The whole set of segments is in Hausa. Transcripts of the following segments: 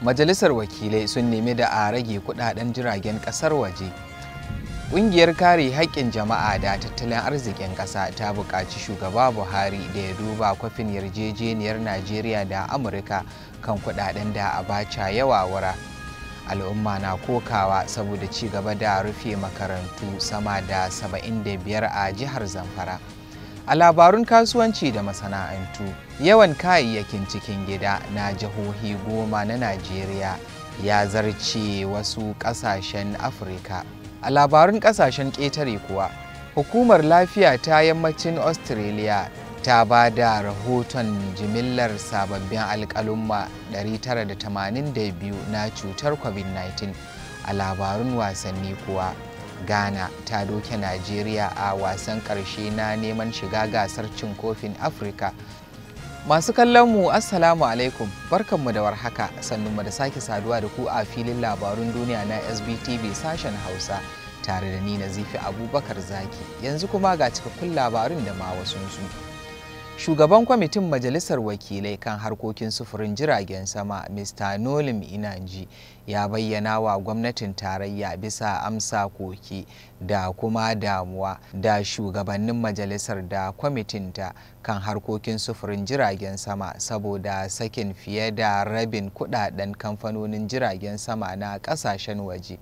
majalisar wakilai sun nemi da a rage kudaden jiragen kasar waje ƙungiyar kare haƙƙin jama'a da tattalin arzikin ƙasa ta buƙaci shugaba buhari da ya duba kwafin yarjejeniyar najeriya da amurka kan kudaden da a abacha yawa wara al'umma na kokawa saboda ci gaba da rufe makarantu sama da 75 a jihar zamfara a labarun kasuwanci da masana'antu yawan kayayyakin cikin gida na jihohi goma na najeriya ya zarce wasu kasashen afirka a labarun kasashen ƙetare kuwa hukumar lafiya ta yammacin australia ta ba da rahoton jimillar sababbin alkalumma 982 na cutar covid-19 a labarun wasanni kuwa ghana ta doke najeriya a wasan karshe na neman shiga gasar cin kofin afirka masu kallon mu assalamu alaikum barkanmu da warhaka sannunmu da sake saduwa da ku a filin labarun duniya na sbtv sashen hausa tare da ni na zifi abubakar zaki yanzu kuma ga cikakkun labarun da ma wasunsu. su shugaban kwamitin majalisar wakilai kan harkokin sufurin jiragen sama mr nolim inanji ya bayyana wa gwamnatin tarayya bisa amsa koke da kuma damuwa da shugabannin majalisar da kwamitinta kan harkokin sufurin jiragen sama saboda sakin fiye da rabin kudaden kamfanonin jiragen sama na kasashen waje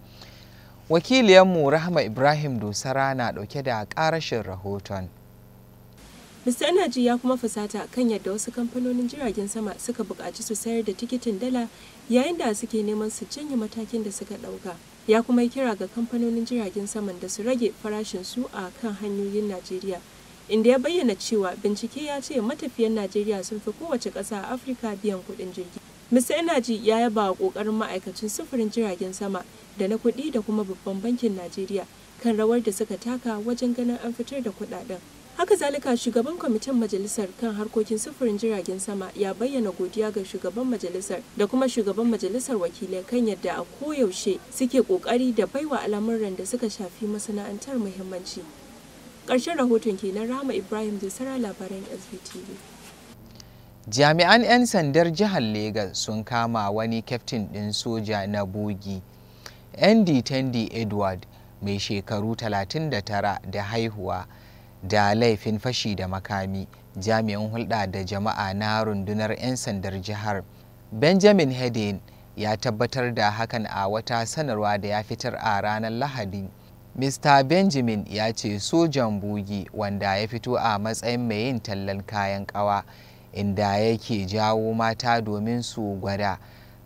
wakiliyanmu rahama ibrahim dosara na dauke da karashin rahoton Mr. Energy ya kuma fusata kan yadda wasu kamfanonin jiragen sama suka buƙaci su sayar da tikitin dala yayin da suke neman su janye matakin da suka ɗauka. Ya kuma yi kira ga kamfanonin jiragen saman da su rage farashin su a kan hanyoyin Najeriya. Inda ya bayyana cewa bincike ya ce matafiyan Najeriya sun fi kowace ƙasa a Afirka biyan kuɗin jirgi. Mr. Energy ya yaba ƙoƙarin ma'aikacin sufurin jiragen sama da na kuɗi da kuma babban bankin Najeriya kan rawar da suka taka wajen ganin an fitar da kuɗaɗen. haka zalika shugaban kwamitin majalisar kan harkokin sufurin jiragen sama ya bayyana godiya ga shugaban majalisar da kuma shugaban majalisar wakilai kan yadda a koyaushe suke kokari da baiwa al'amuran da suka shafi masana'antar muhimmanci ƙarshen rahoton kenan rama ibrahim da sara labaran sbtv jami'an 'yan sandar jihar Legas sun kama wani kyaftin ɗin soja na bogi nd tendi edward mai shekaru 39 da haihuwa da laifin fashi da makami jami'in hulɗa da jama'a na rundunar 'yan sandar jihar benjamin hedin ya tabbatar da hakan a wata sanarwa da ya fitar a ranar lahadi mr benjamin ya ce sojan bugi wanda ya fito a matsayin mai yin tallan kayan kawa inda yake jawo mata domin su gwada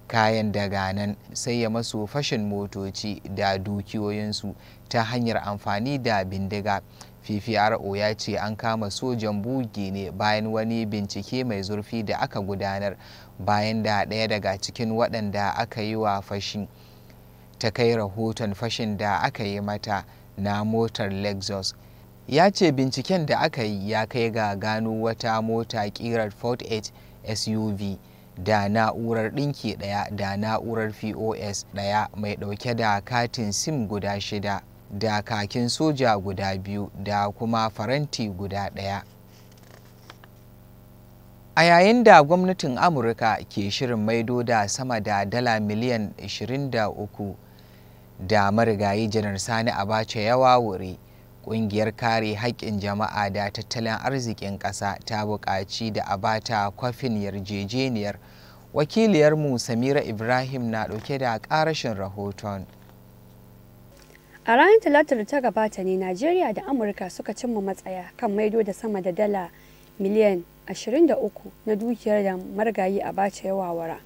kayan daga nan sai ya masu fashin motoci da dukiyoyinsu ta hanyar amfani da bindiga ppro ya ce an kama sojan bugi ne bayan wani bincike mai zurfi da aka gudanar bayan da ɗaya daga cikin waɗanda aka yi wa fashin ta kai rahoton fashin da aka yi mata na motar lexus ya ce binciken da aka yi ya kai ga gano wata mota kirar ford suv da na'urar ɗinki ɗaya da na'urar pos ɗaya mai ɗauke da katin sim guda shida da kakin soja guda biyu da kuma faranti guda ɗaya. A yayin da gwamnatin Amurka ke shirin maido da sama da dala miliyan 23 da marigayi janar Sani Abacha yawa wuri, ƙungiyar kare haƙƙin jama'a da tattalin arzikin ƙasa ta buƙaci da Abacha kwafin yarjejeniyar. Wakiliyarmu Samira Ibrahim na ɗauke da ƙarashin rahoton. A ranar Talatar da ta gabata ne Najeriya da Amurka suka cimma matsaya kan maido da sama da dala miliyan 23 na dukiyar da margayi a bace ya wawara.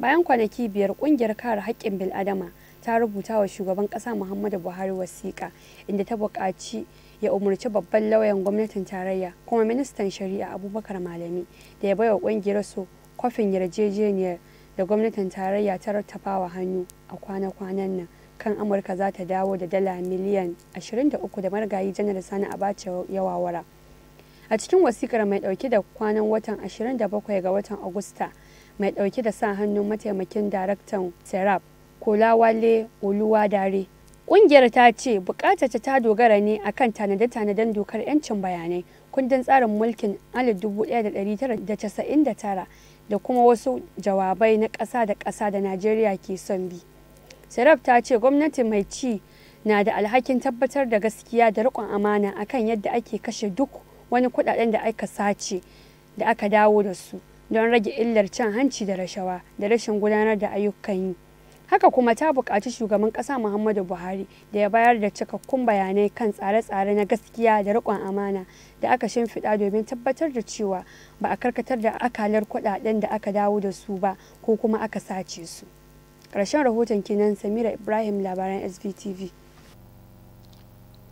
Bayan kwanaki biyar kungiyar kare haƙƙin bil'adama ta rubuta wa shugaban ƙasa Muhammadu Buhari wasiƙa inda ta buƙaci ya umarci babban lauyan gwamnatin tarayya kuma ministan shari'a Abubakar Malami da ya baiwa kungiyar su kofin yarjejeniyar da gwamnatin tarayya ta rattafawa hannu a kwana-kwanan nan kan amurka za ta dawo da dala miliyan 23 da marigayi janar sani abacha yawawara a cikin wasikar mai dauke da kwanan watan 27 ga watan agusta mai dauke da sa hannun mataimakin daraktan serap kolawale dare kungiyar ta ce bukatar ta dogara ne akan tanade-tanaden dokar 'yancin bayanai kundin tsarin mulkin 1999 da kuma wasu jawabai na ƙasa da ƙasa da Najeriya ke son bi. Sarab ta ce gwamnati mai ci na da alhakin tabbatar da gaskiya da riƙon amana akan yadda ake kashe duk wani kuɗaɗen da aka sace da aka dawo da su don rage illar cin hanci da rashawa da rashin gudanar da ayyukan yi. Haka kuma ta buƙaci shugaban ƙasa Muhammadu Buhari da ya bayar da cikakkun bayanai kan tsare-tsare na gaskiya da riƙon amana da aka shimfiɗa domin tabbatar da cewa ba a karkatar da akalar kuɗaɗen da aka dawo da su ba ko kuma aka sace su. Karshen rahoton kenan Samira Ibrahim labaran SBTV.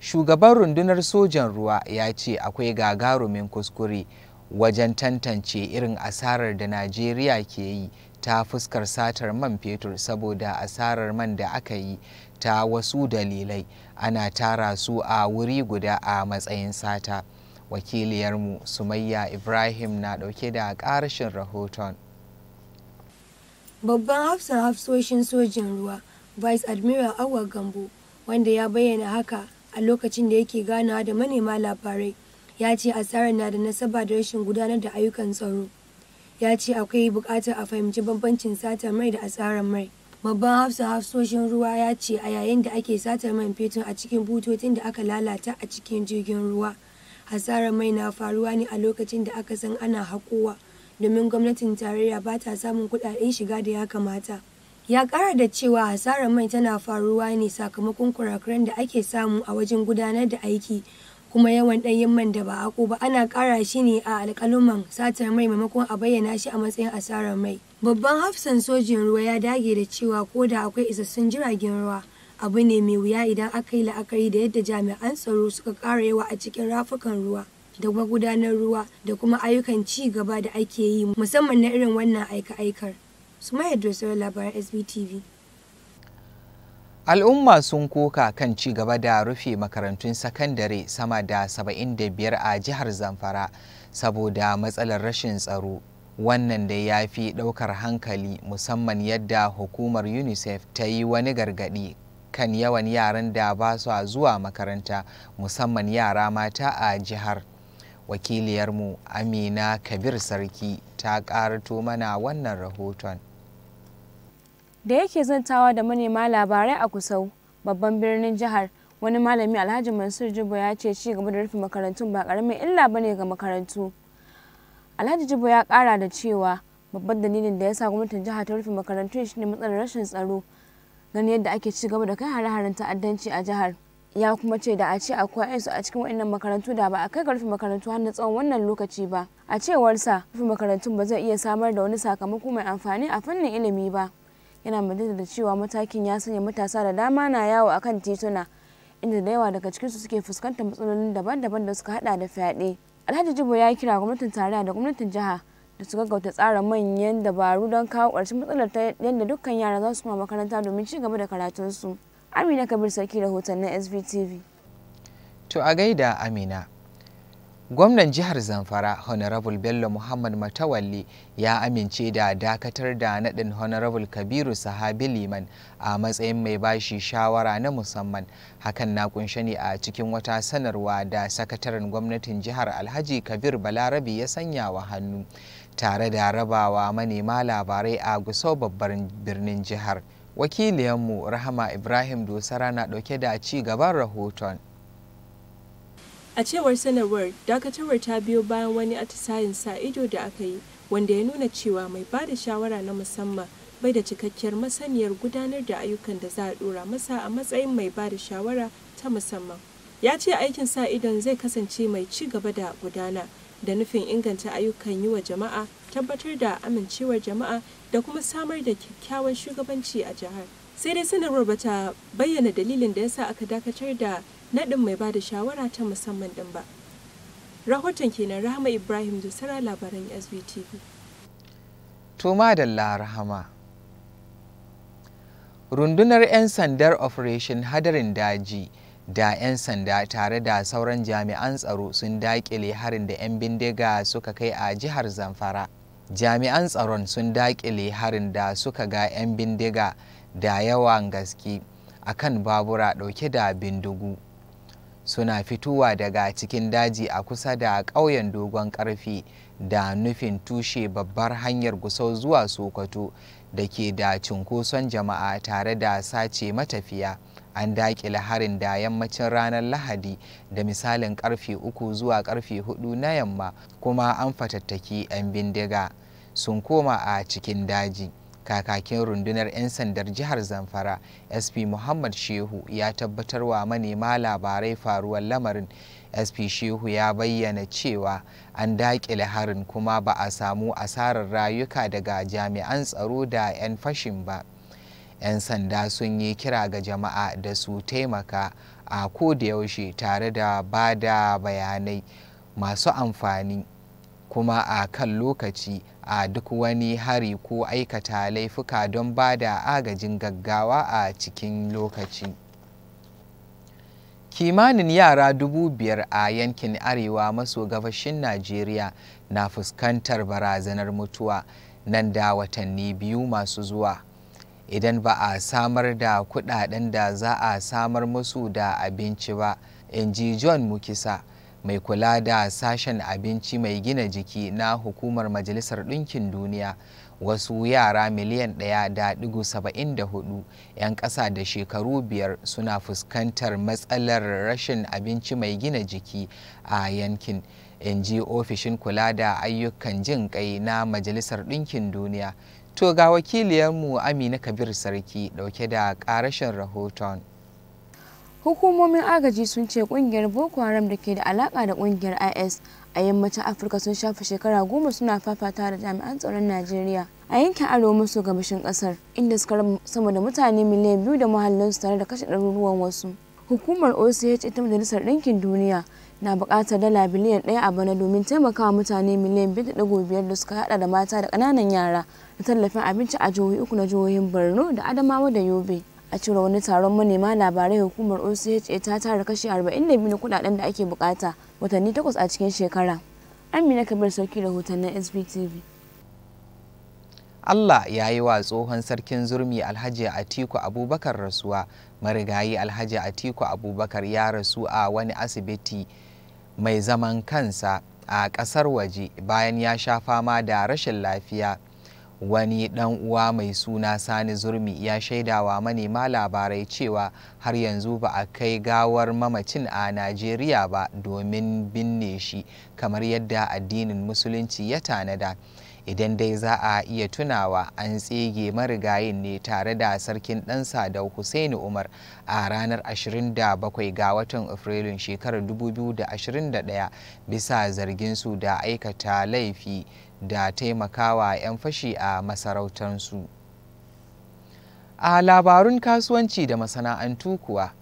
Shugaban rundunar sojan ruwa ya ce akwai gagarumin kuskure wajen tantance irin asarar da Najeriya ke yi ta fuskar satar man fetur saboda asarar man da aka yi ta wasu dalilai ana tara su a wuri guda a matsayin sata. Wakiliyarmu Sumayya Ibrahim na dauke da ƙarashin rahoton. Babban hafsan hafsoshin sojin ruwa, Vice Admiral Awa Gambo, wanda ya bayyana haka a lokacin da yake ganawa da manema labarai, ya ce asarar na da nasaba da rashin gudanar da ayyukan tsaro. Ya ce akwai buƙatar a fahimci bambancin satar mai da asarar mai. Babban hafsan hafsoshin ruwa ya ce a yayin da ake satar man fetur a cikin bututun da aka lalata a cikin jirgin ruwa, hasarar mai na faruwa ne a lokacin da aka san ana haƙowa domin gwamnatin tarayya ba ta samun kuɗaɗen shiga da ya kamata. Ya ƙara da cewa hasarar mai tana faruwa ne sakamakon kurakuran da ake samu a wajen gudanar da aiki, kuma yawan ɗanyen man da ba ako ba ana ƙara shi ne a alƙaluman satar mai maimakon a bayyana shi a matsayin asarar mai. Babban hafsan sojin ruwa ya dage da cewa ko da akwai isassun jiragen ruwa, abu ne mai wuya idan aka yi la'akari da yadda jami'an tsaro suka kara yawa a cikin rafukan ruwa. da kuma gudanar ruwa da kuma ayyukan ci gaba da ake yi musamman na irin wannan aika-aikar. Sumaya Dosawa labaran SBTV. Al'umma sun koka kan ci gaba da rufe makarantun sakandare sama da 75 a jihar Zamfara saboda matsalar rashin tsaro. Wannan da ya fi ɗaukar hankali musamman yadda hukumar UNICEF ta yi wani gargaɗi kan yawan yaran da ba su zuwa makaranta musamman yara mata a jihar. wakiliyarmu amina kabir sarki ta karato mana wannan rahoton da yake zantawa da manema labarai a kusau babban birnin jihar wani malami alhaji mansur jibo ya ce ci gaba da rufe makarantun ba karamin illa bane ga makarantu alhaji jibo ya kara da cewa babban dalilin da ya sa gwamnatin jiha ta rufe makarantun shine matsalar rashin tsaro gani yadda ake ci gaba da kai hare-haren ta'addanci a jihar ya kuma ce da a ce akwai yansu a cikin waɗannan makarantu da ba a kai ga rufe makarantu har tsawon wannan lokaci ba a cewarsa rufe makarantu ba zai iya samar da wani sakamako mai amfani a fannin ilimi ba yana madada da cewa matakin ya sanya matasa da dama na yawo a kan tituna inda da yawa daga cikinsu suke fuskantar matsalolin daban-daban da suka hada da fyaɗe alhaji jibo ya kira gwamnatin tarayya da gwamnatin jiha da su gaggauta tsara manyan dabaru don kawo ƙarshen matsalar ta yadda dukkan yara za su kuma makaranta domin ci gaba da karatunsu. Amina Kabir Sarki na SVTV. To a gaida Amina. Gwamnan jihar Zamfara Honorable Bello Muhammad Matawalli ya amince da dakatar da naɗin Honorable Kabiru Sahabi Liman a matsayin mai bashi shawara na musamman. Hakan na kunshe ne a cikin wata sanarwa da sakataren gwamnatin jihar Alhaji Kabir Balarabi ya sanya wa hannu tare da rabawa manema labarai a guso babbar birnin jihar. wakiliyanmu rahama ibrahim dosara na dauke da ci gaban rahoton a cewar sanarwar dakatarwar ta biyo bayan wani atisayin sa ido da aka yi wanda ya nuna cewa mai ba da shawara na musamman bai da cikakkiyar masaniyar gudanar da ayyukan da za a dora masa a matsayin mai ba da shawara ta musamman ya ce aikin sa idon zai kasance mai ci gaba da gudana da nufin inganta ayyukan yi wa jama'a tabbatar da amincewar jama'a da kuma samar da kyakkyawan shugabanci a jihar sai dai sanarwar bata bayyana dalilin da yasa aka dakatar da naɗin mai bada shawara ta musamman ɗin ba rahoton kenan rahama ibrahim dusara labaran sbtv to da rahama rundunar 'yan sandar operation hadarin daji da 'yan sanda tare da sauran jami'an tsaro sun dakile harin da 'yan bindiga suka kai a jihar zamfara jami'an tsaron sun dakile harin da suka ga 'yan bindiga da yawan gaske a kan babura ɗauke da bindigu suna fitowa daga cikin daji a kusa da ƙauyen dogon ƙarfi da nufin tushe babbar hanyar gusau zuwa sokoto da ke da cunkoson jama'a tare da sace matafiya. an dakile harin da yammacin ranar lahadi da misalin karfe 3 zuwa karfe 4 na yamma kuma an fatattaki 'yan bindiga sun koma a cikin daji kakakin rundunar 'yan sandar jihar zamfara sp muhammad shehu ya tabbatar wa manema labarai faruwar lamarin sp shehu ya bayyana cewa an daƙile harin kuma ba a samu asarar rayuka daga jami'an tsaro da 'yan fashin ba 'yan sanda sun yi kira ga jama'a da su taimaka a yaushe tare da ba da bayanai masu amfani kuma a kan lokaci a duk wani hari ko aikata laifuka don ba da agajin gaggawa a cikin lokaci kimanin yara dubu biyar a yankin arewa maso gabashin najeriya na fuskantar barazanar mutuwa nan da watanni biyu masu zuwa idan ba a samar da kudaden da za a samar musu da abinci ba in ji john mukisa mai kula da sashen abinci mai gina jiki na hukumar majalisar ɗinkin duniya wasu yara miliyan ɗaya da da hudu 'yan ƙasa da shekaru biyar suna fuskantar matsalar rashin abinci mai gina jiki a yankin in ji ofishin kula da ayyukan jin kai na majalisar ɗinkin duniya To ga wakiliyarmu Amina Kabir Sarki dauke da karashin rahoton. Hukumomin agaji sun ce kungiyar Boko Haram da ke da alaka da kungiyar IS a yammacin Afirka sun shafa shekara goma suna fafata da jami'an tsaron Najeriya a yankin aro maso gabashin kasar inda suka raba sama da mutane miliyan biyu da su tare da kashe ɗaruruwan wasu. Hukumar OCH ta Majalisar Ɗinkin Duniya na bukatar dala biliyan ɗaya a bana domin taimakawa mutane miliyan biyar da suka haɗa da mata da kananan yara da tallafin abinci a jihohi uku na jihohin borno da adamawa da yobe a cire wani taron manema labarai hukumar ocha ta tara kashi 42 na kudaden da ake bukata watanni takwas a cikin shekara amina kabir sarki rahotannin sbtv Allah ya yi wa tsohon sarkin zurmi Alhaji Atiku Abubakar rasuwa marigayi Alhaji Atiku Abubakar ya rasu a wani asibiti mai zaman kansa a ƙasar waje bayan ya sha fama da rashin lafiya wani ɗan uwa mai suna sani zurmi ya shaidawa manema labarai cewa har yanzu ba a kai gawar mamacin a najeriya ba domin binne shi kamar yadda addinin musulunci ya tanada idan dai za a iya tunawa an tsege marigayin ne tare da sarkin ɗansa da Hussaini Umar a ranar 27 ga watan Afrilun shekarar 2021 bisa zarginsu da aikata laifi da taimakawa 'yan fashi a masarautarsu. A labarun kasuwanci da masana'antu kuwa.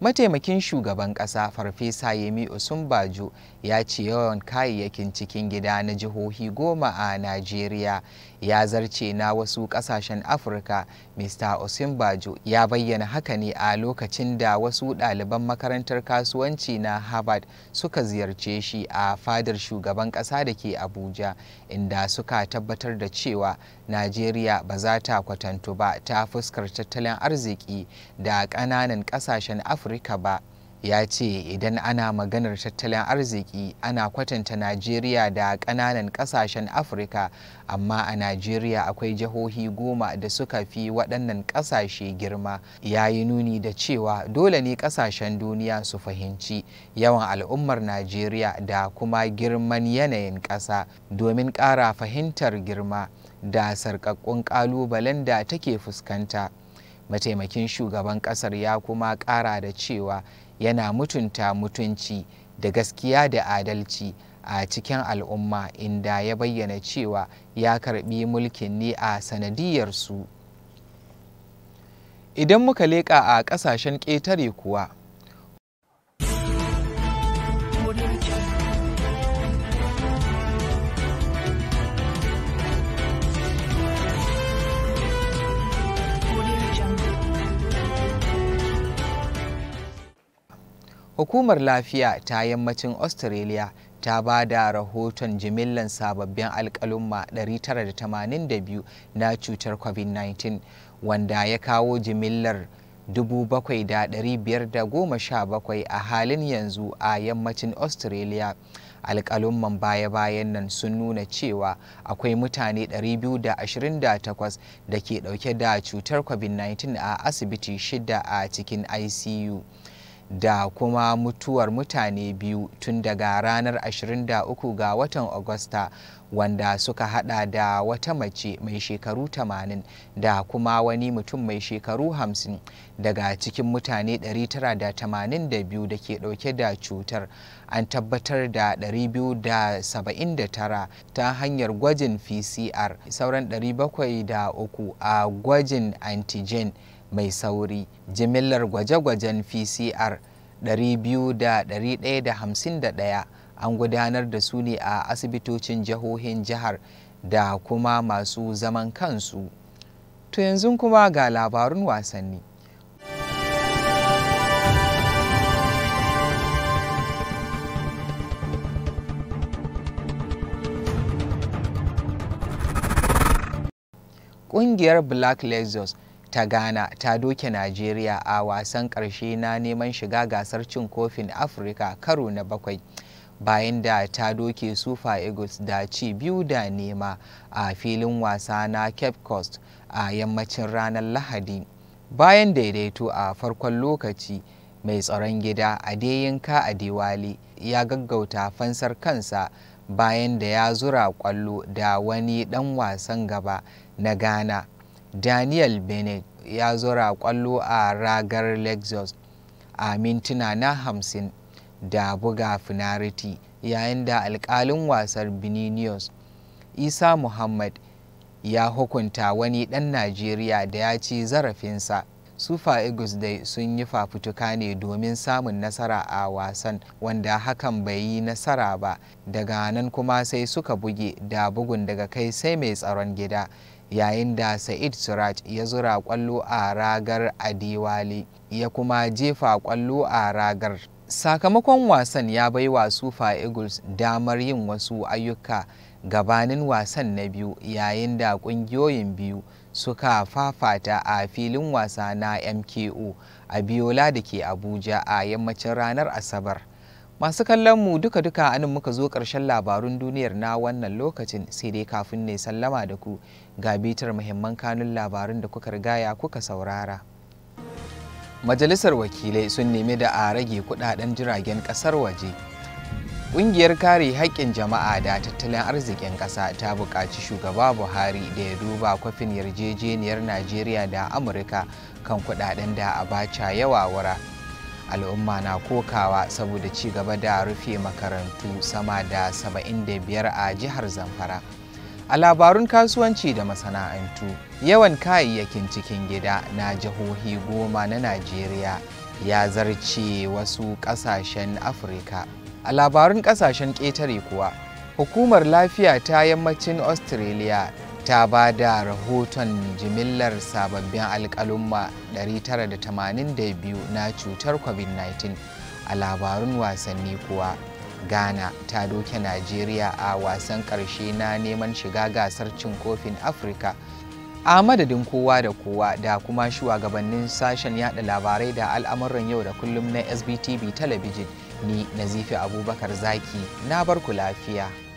mataimakin shugaban kasa farfesa yemi osunbajo ya ce yawan kayayyakin cikin gida na jihohi goma a najeriya ya zarce na wasu kasashen afirka mr osimbajo ya bayyana haka ne a lokacin da wasu ɗaliban makarantar kasuwanci na harvard suka ziyarce shi a fadar shugaban ƙasa da ke abuja inda suka tabbatar da cewa najeriya ba za ta kwatantu ba ta fuskar tattalin arziki da ƙananan ƙasashen afirka ba ya ce idan ana maganar tattalin arziki ana kwatanta najeriya da ƙananan ƙasashen afirka amma a najeriya akwai jihohi goma da suka fi waɗannan ƙasashe girma ya yi nuni da cewa dole ne ƙasashen duniya su fahimci yawan al'ummar najeriya da kuma girman yanayin ƙasa domin ƙara fahimtar girma da sarƙaƙƙun ƙalubalen da take fuskanta mataimakin shugaban ƙasar ya kuma ƙara da cewa yana mutunta mutunci da gaskiya da adalci a cikin al'umma inda ya bayyana cewa ya karbi mulkin ne a sanadiyarsu idan muka leƙa a ƙasashen ƙetare kuwa hukumar lafiya ta yammacin australia ta ba da rahoton jimillan sababbin alkalumma 982 na cutar covid-19 wanda ya kawo jimillar 7,517 a halin yanzu a yammacin australia alkalumman baya-bayan nan sun nuna cewa akwai mutane 228 da ke dauke da cutar covid-19 a asibiti shida a cikin icu da kuma mutuwar mutane biyu tun daga ranar 23 ga watan Agusta wanda suka hada da wata mace mai shekaru 80 da kuma wani mutum mai shekaru 50 daga cikin mutane 982 da ke dauke da cutar an tabbatar da 279 ta hanyar gwajin pcr sauran 703 a gwajin antigen mai sauri jimillar gwaje-gwajen pcr 251 an gudanar da su ne a asibitocin jihohin jihar da kuma masu zaman kansu to yanzu kuma ga labarun wasanni ƙungiyar black lexus ta ghana ta doke najeriya a wasan ƙarshe na neman shiga gasar cin kofin afirka karo na bakwai bayan da ta doke sufa eagles da ci biyu da nema a filin wasa na cape coast a yammacin ranar lahadi bayan daidaito a farkon lokaci mai tsaron gida a a diwali ya gaggauta fansar kansa bayan da ya zura kwallo da wani dan wasan gaba na ghana daniel bennett ya zura kwallo a ragar lexus a mintuna na hamsin da buga finariti yayin da alkalin wasar beninius isa muhammad ya hukunta wani ɗan najeriya da ya ci zarafinsa sufa eagles dai sun yi fafutuka ne domin samun nasara a wasan wanda hakan bai yi nasara ba daga nan kuma sai suka buge da bugun daga kai sai mai tsaron gida yayin da sa'id suraj ya zura kwallo a ragar adiwali ya kuma jefa kwallo a ragar sakamakon wasan ya bai wa sufa eagles damar yin wasu ayyuka gabanin wasan na biyu yayin da kungiyoyin biyu suka fafata a filin wasa na mko a biola da ke abuja a yammacin ranar asabar Masu kallon mu duka-duka anin muka zo ƙarshen labarun duniyar na wannan lokacin sai dai kafin ne sallama da ku ga bitar muhimman kanun labarun da kuka rigaya kuka saurara. Majalisar wakilai sun nemi da a rage kudaden jiragen ƙasar waje. Ƙungiyar kare haƙƙin jama'a da tattalin arzikin ƙasa ta buƙaci shugaba Buhari da ya duba kwafin yarjejeniyar Najeriya da Amurka kan kudaden da a baca yawa wura. al'umma na kokawa saboda ci gaba da rufe makarantu sama da 75 a jihar zamfara a labarun kasuwanci da masana'antu yawan kayayyakin cikin gida na jihohi goma na najeriya ya zarce wasu kasashen afirka a labarun kasashen ƙetare kuwa hukumar lafiya ta yammacin australia ta ba da rahoton jimillar sababbin alkalumma 982 na cutar covid-19 a labarun wasanni kuwa ghana ta doke najeriya a wasan ƙarshe na neman shiga gasar cin kofin afirka a madadin kowa da kowa da kuma shugabannin sashen yada labarai da al'amuran yau da kullum na sbtv talabijin ni nazifi abubakar zaki na barku lafiya